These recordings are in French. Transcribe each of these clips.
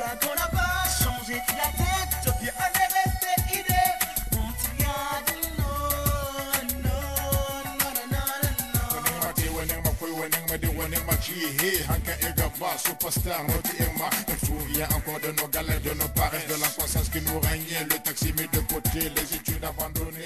ça qu'on la tête, je viens idée. On non, non, encore de nos galères, de nos de la croissance qui nous régnait, le taxi de côté, les études abandonnées.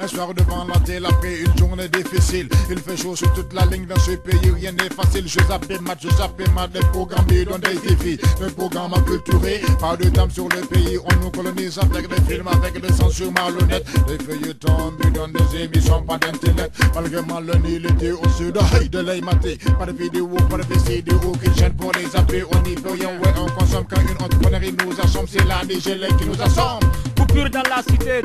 Un soir devant la télé après une journée difficile Il fait chaud sur toute la ligne dans ce pays, rien n'est facile Je zappe match, je zappe les des programmes bidon des défis Un programme acculturé, pas de dame sur le pays On nous colonise avec des films, avec des censures malhonnêtes Des feuilles tombent dans des émissions, pas d'internet Malgré malhonnêteté au sud, de par Pas de vidéo, pas de vidéo qui jette pour les appeler On y peut rien, ouais on consomme quand une entrepreneurie nous assomme C'est la DGL qui nous assomme dans la cité.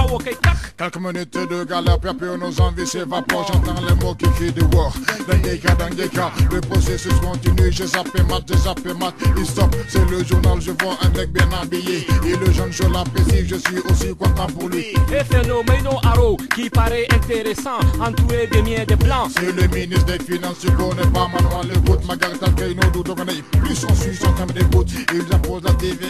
Hawo Kak. Quelques minutes de galère, puis nos envies s'évaporent. J'entends les mots qui crient de war. Dangeka, dangeka. Le processus continue. Je zappe mat, je zappe mat. Il stop, c'est le journal. Je vois un mec bien habillé. Et le jeune, je l'apprécie. Je suis aussi content pour lui. Et phénomène Haro qui paraît intéressant. Entouré des miens, des blancs. C'est le ministre des Finances. Tu connais pas, Manuel. Le vote, doutes au Doudogane. Plus on suit son des d'écoute. Il imposent la TV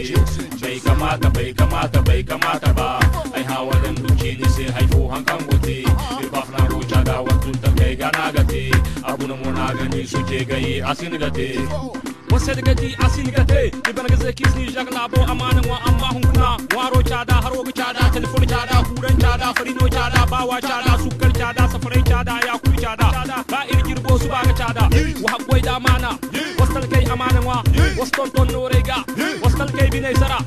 kamata bai kamata bai kamata ba ai hawarin duke ne sai haifo hankan gote irbaf na roja da wasu ta kai gana gate abun muna gani su suke gai asin gati gati gati asin na kis ni amana wa amma hun kuna waro chada chada haro gate ወሰድገቲ አሲንገቴ ይበነገዘ ኪስኒ chada ba wa chada ዋሮ chada safare chada ya ku chada ba ፈሪኖ ቻዳ su ba ga chada wa ቻዳ da mana ባኢል ጅርቦ amana wa ወሀጎይ ton no rega ወስቶንቶን ኖሬጋ bi nay sara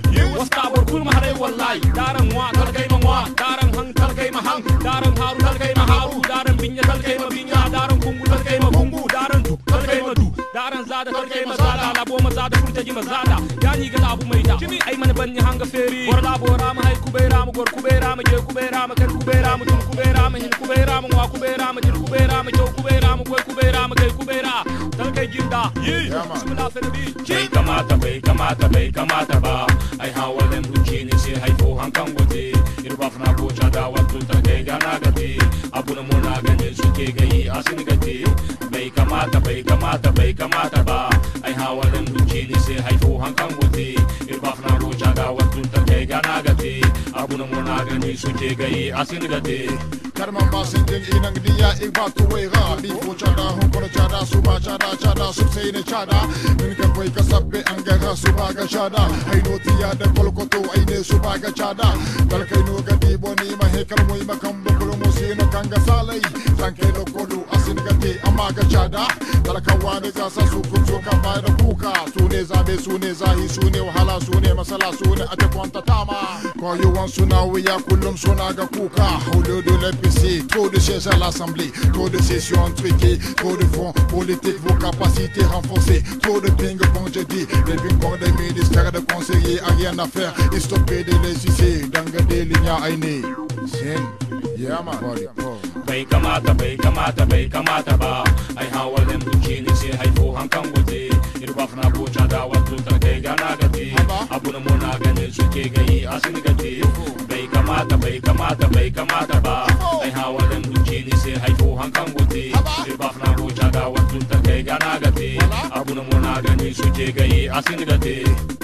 wasta bor kul mahare wallahi daran wa kal kai ma wa daran hang kal kai ma hang daran haru kal kai ma haru daran binya kal kai ma binya daran kungu kal kai ma kungu daran du kal kai ma du daran zada kal kai ma zada labo ma zada kurta ji ma zada yani ga labu mai da jimi ai mana banya hanga feri bor labo rama hai kubera ma gor kubera ma je kubera ma kar kubera ma tun kubera ma hin kubera ma wa kubera ma jir kubera ma jo kubera ma goi kubera ma kai kubera kal kai jinda yi bismillah sanabi bai kamata bai kamata bai kamata ta Nirvana Bujada Wantuta Ganagati Abunamunagan Suke Gai Asinigati Baikamata Baikamata Baikamata Ba I Hawalan Luchini say Haifu Hankanguti Nirvana Bujada Wantuta Ganagati Abunamunagan Suke Gai Asinigati När man bara sitter innan gdia evakuera Vi får chada, hon kommer chada Suba chada, chada som säger chada Men kan pojka sappe angara subaga chada Hej no tiada ne suba subaga chada Dalkai eh, no gadi boni mahekar moi makam Bukulu musino kanga salai Sanke lokolu asin gadi ne amma ga cada talakawa ne gasa su kunso kan baya da kuka su ne zabe su ne zahi su ne wahala su ne masala su ne a tama suna wuya kullum suna ga kuka haulu de l'EPC trop de chez l'assemblée toute de session truquées trop de fonds politique, vos capacités renforcées trop de ping-pong je dis les ping-pong des ministères de conseillers a rien à faire et stopper des légiciers danga des lignes à Yeah, man. Body Bai kamata, bai kamata, bai kamata ba. Ai hawa lem duchini si kang hankang wuti. Irwaf na bucha da watu tarke gana gati. Abu na muna gani suke gai asin gati. Bai kamata, bai kamata, bai kamata ba. Ai hawa lem duchini si kang hankang wuti. Irwaf na bucha da watu tarke gana gati. Abu na muna gani suke gai asin gati.